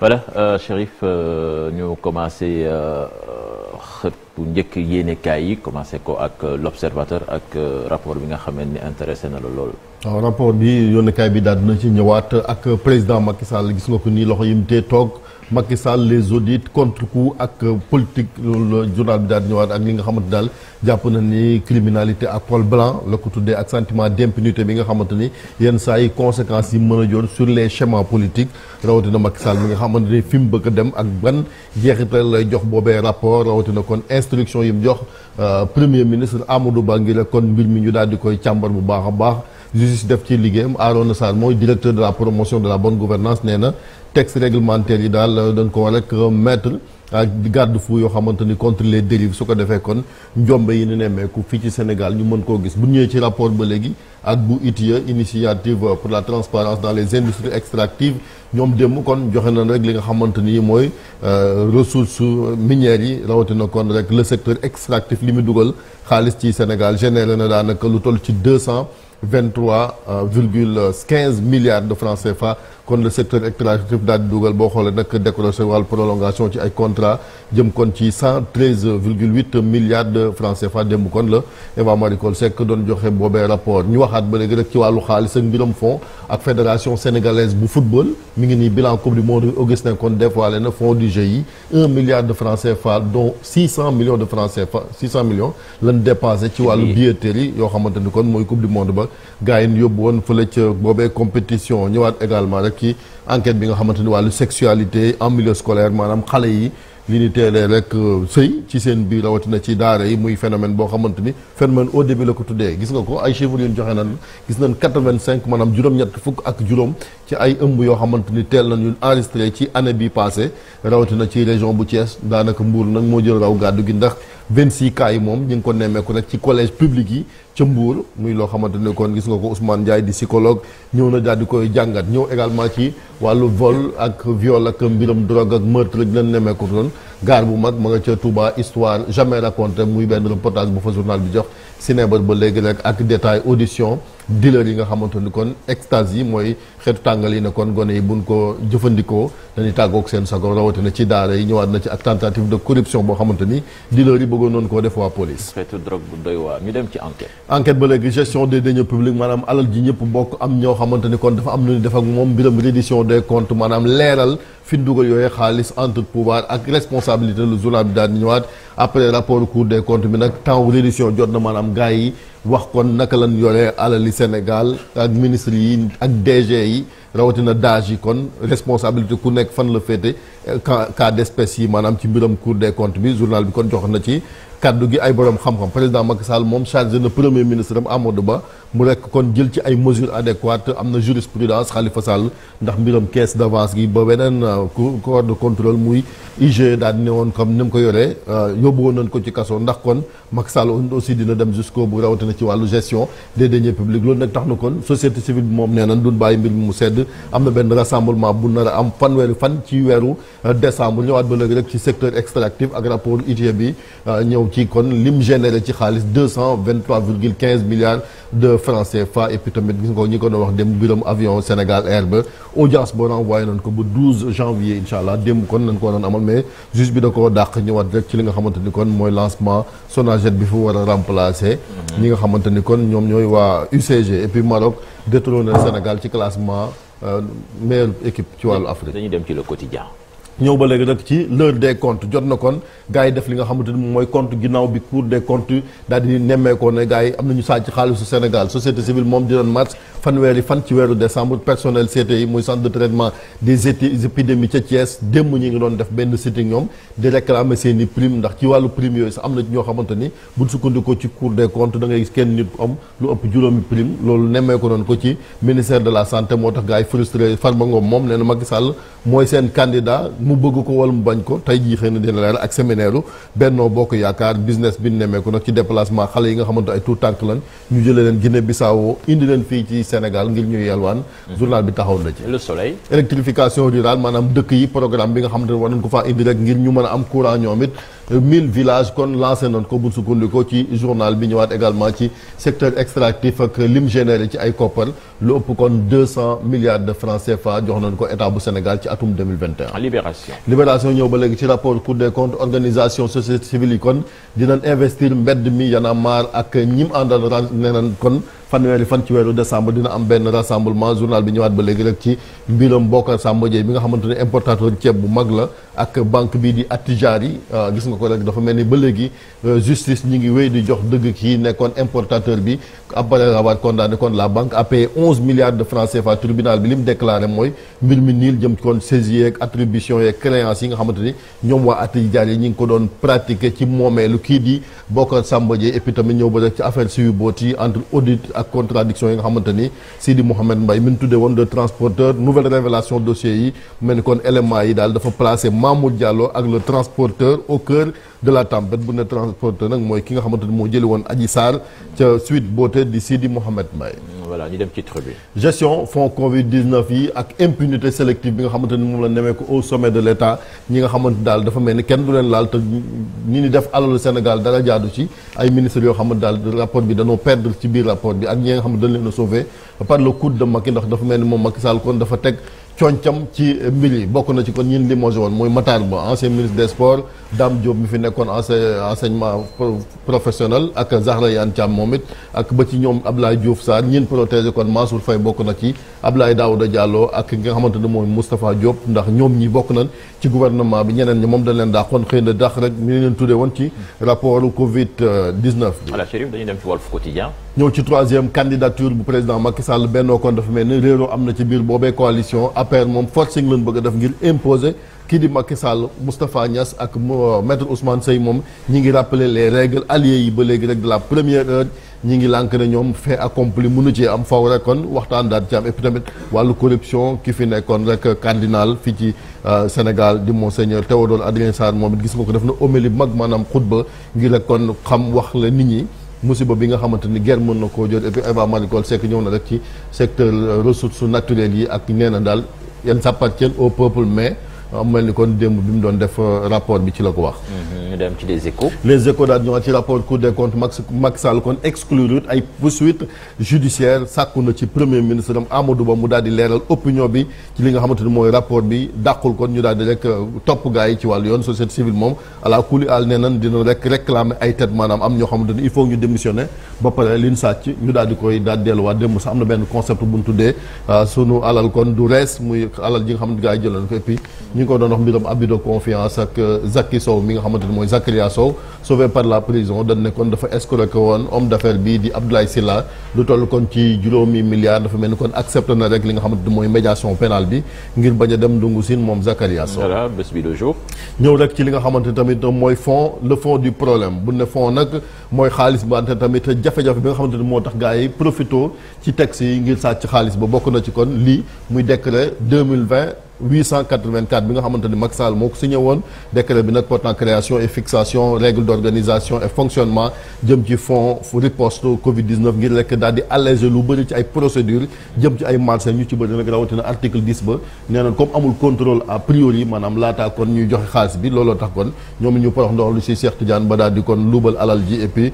voilà euh, Chérif euh, ñu commencé euh, xët bu njëkk yéenekaay yi commencé ko ak l'observateur ak rapport bi nga xamee ni intéressé na la lool. waaw rapport bi yónnekaay bi daal dina ci ñëwaat ak président Macky Sall gis nga ko nii loxo yim tee toog. Macky Sall les audits contre coup ak politique loolu journal bi daal di ñëwaat ak li nga xamante daal jàpp na ni criminalité à col blanc la ko tuddee ak sentiment d'impunité bi nga xamante ni yenn saa yi conséquences yi mën a joon sur les schémas politiques rawatina Macky Sall bi nga xamante ni fi mu bëgg dem ak ban jeexital lay jox boobee rapport rawatina kon instruction yi jox euh, premier ministre Amadou Ba ngir kon mbir mi ñu daal di koy càmbar bu baax a baax. justice def ci liggéeyam Arona Sarr mooy directeur de la promotion de la bonne gouvernance nee na texte réglementaire yi daal dañ ko war rek mettre ak garde-fou yoo xamante ni contre les su ko defee kon njombe yi ñu nemmeeku fii ci Sénégal ñu mën koo gis bu ñëwee ci rapport ba léegi ak bu ITIE initiative pour la transparence dans les industries extractives ñoom démb kon joxe nañ rek li nga xamante ni mooy euh, ressources minières yi rawatina kon rek le secteur extractif li mu dugal xaalis ci Sénégal généré na daanaka lu toll ci deux cent 23 euh, virgule 15 milliards de francs CFA kon le secteur extractif daal di dugal boo xoolee nag décroché wàllu prolongation ci ay contrat jëm kon ci cent treize virgule huit milliards de francs CFA démb kon la Eva Marie Coll Seck doon joxe boobee rapport ñu waxaat ba léegi rek ci wàllu xaalis ak mbiram fonds ak fédération sénégalaise bu football mi ngi nii bilan coupe du monde Augustin kon dévoilé na fonds du GIE un milliard de francs CFA dont six cent millions de francs CFA six cent millions lan dépensé ci wàllu billetterie yoo xamante ni kon mooy coupe du woon boobee compétition ñëwaat également rek. ci enquete bi nga xamante ni wàllu sexualité en milieu scolaire maanaam xale yi li ñu teelee rek euh, sëy ci seen biir na ci daara yi muy phénomène boo xamante ni phénomène au début la ko tuddee gis nga ko ay chiffres yu ñu joxe nan gis nañ quatre-vingt-cinq maanaam juróom-ñett fukk ak juróom ci ay ëmb yoo xamante ni teel nañu enregistré ci année bi passé rawatina ci région bu Thiès daanaka mbuur nañ moo jël raw gàddu gi ndax 26 cas yi moom ñun ngi ko nemmeeku rek ci collège public yi ca Mbour muy loo xamante ni kon gis nga ko Ousmane Ndiaye di psychologue ñëw na daal di koy jàngat ñëw également ci wàllu vol ak viol ak mbiram drogue ak meurtre gi leen nemmeeku doon gaar bu mag ma nga ca Touba histoire jamais raconté muy benn reportage bu fa journal bi jox cinébar ba léegi rek ak détail audition dealer yi nga xamante ni kon extase yi mooy xeetu tàngal yi ne kon gone yi bu buñ ko jëfandikoo dañuy tàggoog seen sago rawatina ci daara yi ñëwaat na ci ak tentative de corruption boo xamante ni dealer yi bëggoon noonu koo def waa police. xeetu drogue bu doy waar ñu dem ci enquête. enquête ba léegi gestion des deniers publics maanaam alal ji ñëpp bokk am ñoo xamante ni kon dafa am lu ñu def ak moom mbiram reddition des comptes maanaam leeral fi ñu dugal yooyu xaalis entre pouvoir ak responsabilité le journal bi daal di ñëwaat après rapport cour des comptes bi nag jot na maanaam gars yi wax kon naka lañ yoree alali Sénégal ak ministre yi ak DG yi rawatina DAGE yi kon responsabilité ku nekk fan la féete cas cas d'espèce yi maanaam ci mbiram Cour des comptes bi journal bi kon jox na ci kaddu gi ay borom xam-xam président Macky Sall moom chargé na premier ministre am Amadou Ba mu rekk kon jël ci ay mesures adéquates am na jurisprudence Khalifa Sall ndax mbiram caisse d'avance gi ba beneen euh, corps de contrôle muy IG daal di ne woon comme ni mu ko yoree euh, yóbbu woon nañ ko ci kaso ndax kon Macky Sall aussi dina dem jusqu'au bu rawatina ci wàllu gestion des deniers publics loolu nag tax na kon société civile bi moom nee nañ duñ bàyyi mbir mi mu sedd am na benn rassemblement bu nar am fanweeri fan ci weeru euh, décembre ñëwaat ba léegi rek ci secteur extractif ak rapport ITIE bi ñëw ci kon lim généré ci xaalis deux cent vingt trois virgule quinze milliards de francs CFA et puis tamit gis nga ko ñi ko doon wax dem biram avion Sénégal Air ba audience boo renvoyé nañ ko ba janvier incha allah démb kon nañ ko waroon amal mais juge bi da koo dàq ñëwaat rek ci li nga xamante ni kon mooy lancement Sonaget bi fu war a remplacer. ñi nga xamante ni kon ñoom ñooy waa UCG et puis Maroc détrôné Sénégal ci classement euh, meilleure équipe ci wàllu Afrique. dañuy dem ci le quotidien. ñëw ba léegi nag ci l'heure des comptes jot na kon gars yi def li nga xamante ni mooy compte ginnaaw bi cour des comptes daal di nemmeekoo ne gars yi am nañu sàcc xaalisu Sénégal société civile moom di doon mars fanweeri fan ci weeru décembre personnel CTI muy centre de traitement des épidémies ca Thiès démb ñi ngi doon def benn sitting ñoom di réclamer seen i prime ndax ci wàllu prime yooyu sax am na ñoo xamante ni buñ sukkandikoo ci cour des da ngay gis kenn nit am lu ëpp juróomi ko ci ministère de la moo tax gars moom nee na Macky Sall mooy mu bëgg ko wala mu bañ ko tey jii xëy na dina leeral ak séminaire u Benno Bokk Yaakaar business bi nemmeeku nag ci déplacement xale yi nga xamante ay tout tànk lan ñu jëlee leen Guinée Bissau indi leen fii ci Sénégal ngir ñuy yelwaan mhm. journal bi taxaw na ci le soleil électrification dëkk yi programme bi nga xamante ne war nañ ko faa indi rek ngir ñu mën a am courant ñoom mille villages kon lancé nañ ko bu sukkandikoo ci journal bi ñëwaat également ci secteur extractif ak lim généré ci ay koppar lu ëpp kon cent milliards de francs CFA jox nañ ko état bu Sénégal ci atum 2021. Libération Libération ñëw ba léegi ci rapport Cour des comptes organisation société civile yi kon dinañ investir mbedd mi Y'en a marre ak ñim àndal ren nee nañ kon. fanweeri fan ci weeru décembre dina am benn rassemblement journal bi ñëwaat ba léegi rek ci mbiram Bocar Samba Dièye bi nga xamante ne importateur ceeb bu mag la ak banque bii di Attijari euh, gis nga ko rek dafa mel ni ba léegi euh, justice ñi ngi wéy di jox dëgg kii nekkoon importateur bi après avoir condamné kon la banque a payé onze milliards de francs CFA tribunal bi li mu déclaré mooy mbir mi niil jëm kon saisie yeeg attribution yeeg créance ni ñoom ngi ko doon pratiqué ci moomeelu kii di Bocar Samba Dièye et affaire suyu boot ak contradiction yi nga xamante ni Sidi Mouhamed Mbaye mi ñu tuddee woon le transporteur nouvelle révélation dossier yi mel ni kon élément yi daal dafa placé Mamour Diallo ak le transporteur au cœur de la tempête bu ne transporteur nag mooy ki nga xamante ni moo jëli woon Adji Sarr ca suite beauté di Sidi Mouhamed mbay voilà ñu dem ci tribune gestion fonds Covid 19 yi ak impunité sélective bi nga xamante moom la nemee ko au sommet de l' ñi nga xamante daal dafa mel ni kenn du leen laal te ñi def alalu Sénégal dara jaadu ci ay ministres yoo xamante daal rapport bi dañoo perdre ci biir rapport bi ak ñi nga xam ne leen a sauvé par le coup de Macky ndax dafa mel ni moom Macky Sall kon dafa teg. concam ci mbir yi bokk na ci kon ñin limogé woon muy Matar Ba ancien ministre des sports Dame Diop mi fi nekkoon enseignement professionnel ak Zahra Iyane Thiam moom it ak ba ci ñoom ab Ablaye Diouf Sarr ñin protégé kon Mansour Faye bokk na ci ab Ablaye Daouda jàlloo ak nga xamante ne mooy Moustapha Diop ndax ñoom ñi bokk nañ ci gouvernement bi ñeneen ñi moom dañ leen dàqoon xëy na dàq rek mi leen tuddee woon ci rapport Covid 19 bi. voilà Chérif dañuy dem ci Walf Quotidien ñëw ci troisième candidature bu président Macky Sall bennoo kon dafa mel ni réeroo am na ci biir boobee coalition APR moom forcing lañ bëgg a def ngir imposer kii di Macky Sall Moustapha Niass ak moo euh, maître Ousmane Seye moom ñi ngi rappeler les règles alliés yi ba léegi rek de la première heure ñi ngi lànk ne ñoom fait accompli mënu ci am faw rek kon waxtaan daal ci am et puis tamit wàllu corruption ki fi nekkoon rek cardinal fii ci euh, Sénégal di monseigneur Théodore Adrien Sarr moom it ko def na homélie mag maanaam xutba ngir rek kon xam wax la nit ñi musiba bi nga xamante ni guerre mën na koo jot et puis Awa Marie Coll Seck ñëw na rek ci secteur ressources naturelles yi ak nee na daal yenn s'appartiennent au peuple mai am mel ni kon démb bi mu doon def euh, rapport bi ci la ko wax. Mhm, ñu dem ci les échos. les échos daal ñëwaat ci rapport cour des comptes Max Macky kon exclure ay poursuites judiciaires sàkku na ci premier ministre am Amadou Ba mu daal di leeral opinion bi ci li nga xamante ni mooy rapport bi dàqul kon ñu daal di rek euh, topp gars yi ci wàllu yoon société civile moom ala kulli al nee nan dina rek réclamer ay tête maanaam am ñoo xamante ni il faut ñu démissionner ba pare liñ sàcc ñu daal di koy daal delluwaat démb sax am benn concept bu ñu tuddee euh, sunu alal du rees muy alal ji nga xam ne gars yi jëloon ko et puis ñu ngi ko doon wax mbiram abus de confiance ak euh, mi nga dafa escroqué woon homme d'affaires bii di Abdoulaye Sylla lu toll kon ci juróomi li nga xamante ni mooy médiation pénale bi ngir bañ a dem dungu sin moom Zakaria Sow bi le jour. ñëw rek ci li nga xamante ni tamit mooy fond le fond du problème bu ne fond nag mooy xaalis bu ante tamit jafe-jafe bi nga xamante moo tax gars yi profité ci texte yi ngir sàcc xaalis ba bokk na ci kon lii muy décret 884 bi nga xamante ni Macky Sall moo ko signé woon décret bi nag portant création et fixation règles d'organisation et fonctionnement jëm ci fonds riposte Covid 19 ngir rek daal di alléger lu bëri ci ay procédure jëm ci ay marché ñu ci bëri nag rawatina article 10 ba nee na comme amul contrôle a priori maanaam laataa kon ñuy joxe xaalis bi looloo tax kon ñoom ñu porox ndox lu si Cheikh Tidiane ba daal di kon luubal alal ji et puis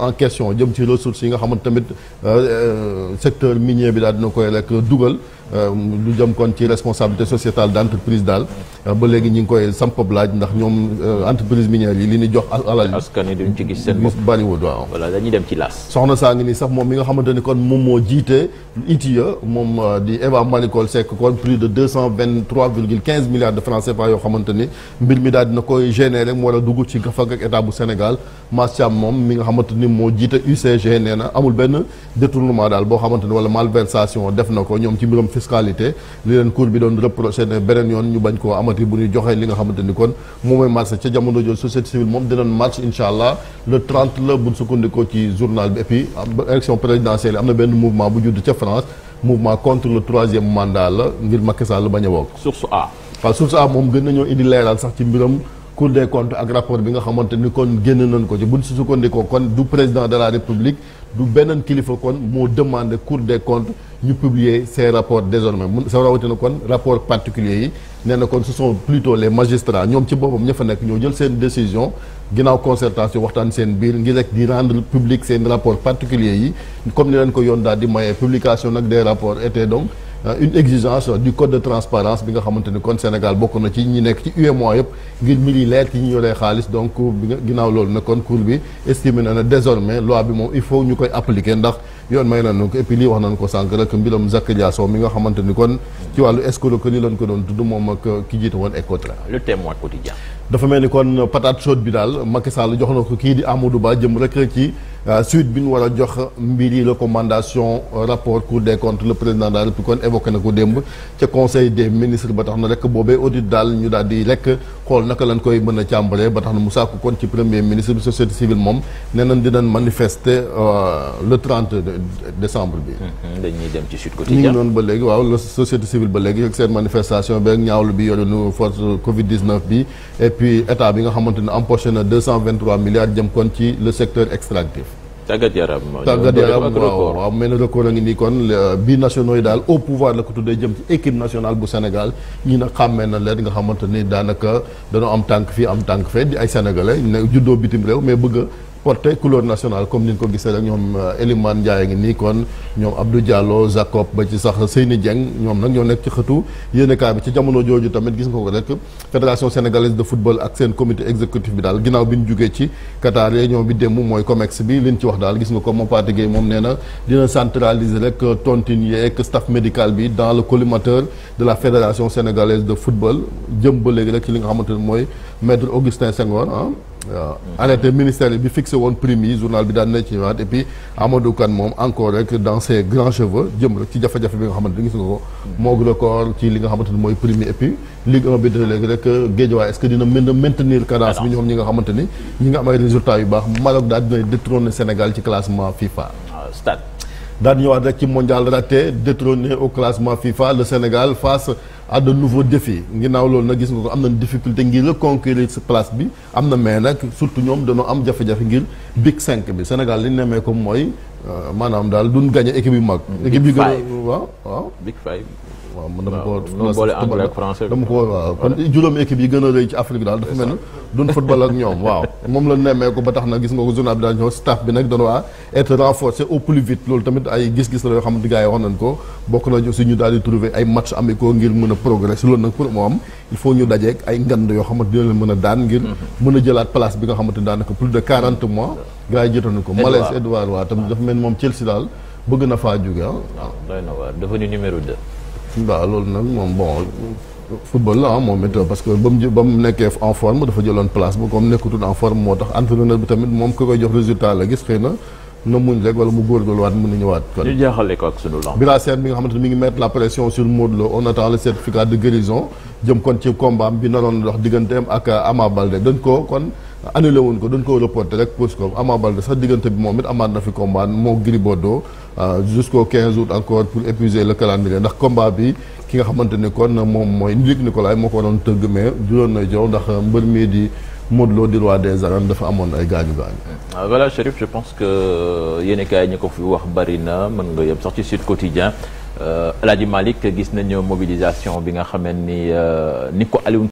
en question jëm ci ressources yi nga xamante tamit euh, euh, secteur minier bi daal dina koy rek dugal. Euh, lu jëm kon ci responsabilité sociétale d' entreprise daal euh, ba léegi ñi ngi koy sampab laaj ndax ñoom euh, entreprise minière yi li ñu jox alal askan yi duñ ci gis seen bopp bariwul waaw dem ci laas soxna saa ngi nii sax moom mi nga xamante ni kon moom moo jiite ITIE moom di Eva Malikol Seck kon plus de deux cent vingt trois virgule quinze milliards de francs CFA yoo xamante ni mbir mi daal dina koy généré mu war a dugg ci gafag ak état bu Sénégal Massiam moom mi nga xamante ni moo jiite UCG nee na amul benn détournement daal boo xamante ni wala malversation def na ko ñoom ci mbiram fiscalité li leen cour bi doon reproché ne beneen yoon ñu bañ koo amati bu ñu joxee li nga xamante ni kon moom mooy marché ca jamono jooju société civile moom dinañ marche incha allah le 30 la buñ sukkandikoo ci journal bi et puis élection présidentielle am na benn mouvement bu judd ca France mouvement contre le troisième mandat la ngir Macky Sall bañ a wokk. source A. waaw source moom gën nañoo indi leeral sax ci mbiram. Cour des comptes ak rapport bi nga xamante ni kon génn nañ ko ci sukkandikoo kon du président de la du beneen kilifa kon moo demande cour des comptes ñu publier ces rapports désormais mun sa rawatina kon rapport particulier yi nee na kon ce sont plutôt les magistrats ñoom ci boppam ña fa nekk ñoo jël seen décision ginnaaw concertation waxtaan seen biir ngir rek di rendre public seen rapport particulier yi comme ni leen ko yoon daal di mayee publication nag des rapports était donc Euh, une exigence euh, du code de transparence bi nga xamante ni kon Sénégal bokk na ci ñi nekk ci UEMOA yëpp ngir mbir yi ci ñi yoree xaalis donc euh, bi nga ginnaaw loolu nag kon cour bi estimé na ne désormais loi bi moom il faut ñu koy appliquer ndax yoon may nañu ko et puis lii wax nañu ko sànq rek mbiram Zakaria mi nga xamante ni kon ci wàllu escroquerie lañ ko doon tudd moom ak ki jiite woon Ecotra. le témoin dafa mel ni kon patate chaude bi daal Macky Sall jox na ko kii di Amadou Ba jëm rek ci euh, suite bi ñu war a jox mbir yi recommandation euh, rapport cour des comptes le président daal la kon évoqué na ko démb ca conseil de ministre ba tax na rek boobee audit daal ñu daal di rek xool naka lañ koy mën a càmbalee ba tax mu sàkku kon ci premier ministre bi société civile moom nee nañ dinañ manifester euh, le 30 décembre bi. Mhm, dañuy dem ci Sud Quotidien ñu ngi noonu ba léegi waaw la société civile ba léegi ak seen manifestation beeg ñaawlu bi yore nu force Covid 19 bi et puis état bi nga xamante ne empoché na 223 milliards jëm kon ci le secteur extractif. tàggat yaram tàggat yaram waaw waaw mel ni record a ngi nii kon euh, bi nationaux yi daal au pouvoir la ko tuddee jëm ci équipe nationale bu Sénégal ñi na xàmmee na leen nga xamante ni daanaka dañoo am tànk fii am tànk fee di ay sénégalais ne juddoo bitim réew mais bëgg porté couleur nationale comme ni ñu ko gisee rek ñoom euh, Elimane Ndiaye ngi nii kon ñoom Abdou Diallo Jacob ba ci sax Seyni Dieng ñoom nag ñoo nekk ci xëtu yéenekaay bi ci jamono jooju tamit gis nga ko rek fédération sénégalaise de football ak seen comité exécutif bi daal ginnaaw bi ñu jugee ci Qatar réunion bi démb mooy COMEX bi liñ ci wax daal gis nga ko Mopati Gueye moom nee na dina centraliser rek euh, tontine yeeg staff médical bi dans le collimateur de la fédération sénégalaise de football jëm ba léegi rek ci li nga xamante ne mooy maître Augustin Senghor ah. waaw arrêté ministère bi fixé woon prime yi journal bi daan na ci ñëwaat et puis Amadou Kane moom encore rek dans ses grands cheveux jëm rek ci jafe-jafe bi nga xamante ni gis nga ko moog record ci li nga xamante ni mooy prime yi et puis Ligue bi de léegi rek Guédiawaye est-ce dina a maintenir cadence bi ñoom ñi nga xamante ni ñi nga am ay résultats yu baax Maroc daal dina détrôner Sénégal ci classement FIFA ah, daan ñëwaat rek ci mondial raté détrôné au classement FIFA le Sénégal face à de nouveaux ngi naaw loolu nag gis nga ko am na difficulté ngir reconquérir sa place bi am na mais nag surtout ñoom dañoo am jafe-jafe ngir Big 5 bi Sénégal li ñu nemee ko mooy euh, maanaam daal du gagné équipe yu mag. équipe yu gën a waaw waaw. Big 5. waaw man dama ko boole anglais ak français dama ko waaw équipe yi gën a rëy ci Afrique daal dafa mel ni football ak ñoom waaw moom la nemmee ko ba tax na gis nga ko journal bi daal ñëw staff bi nag doon waa être renforcé au plus vite loolu tamit ay gis-gis la yoo xam ne yi wax nañ ko bokk na si ñu daal di trouver ay match amicaux ngir mën a progresser loolu nag pour moo am il faut ñu dajeek ay ngand yoo xamante dina leen mën a daan ngir mm-hmm. mën a jëlaat place bi nga xamante ne daanaka plus de 40 waaw loolu nag moom bon football la ah moom it parce que ba mu ba mu nekkee en forme dafa jëloon place ba comme nekkutul en forme moo tax entraîneur bi tamit moom ku koy jox résultat la gis xëy na na muñ rek wala mu góorgóorluwaat mën na ñëwaat. kon ñu jaaxale ko ak sunu bi nga xamante ne mi ngi mettre la pression sur Modou Lo on le certificat de guérison jëm kon ci combat bi naroon dox digganteem ak Ama Baldé dañ ko kon. annulé woon ko dañ ko reporté rek pousse ko Ama Baldé sax diggante bi moom it amaat na fi combat moo Gris Bordeaux euh, jusqu'au 15 août encore pour épuiser le calendrier ndax combat bi ki nga xamante ni kon moom mooy Luc Nicolaï moo ko waroon tëgg mais juróon na jow ndax mbër mii di Modou Lo di roi des arènes dafa amoon ay gaañu gaañu. Ah, voilà Chérif je pense que euh, yéen kaay ñi ko fi wax bari na mën nga yem sax ci Sud Quotidien El euh, Hadji gis nañu mobilisation bi nga xamee ni ni ko Alioune.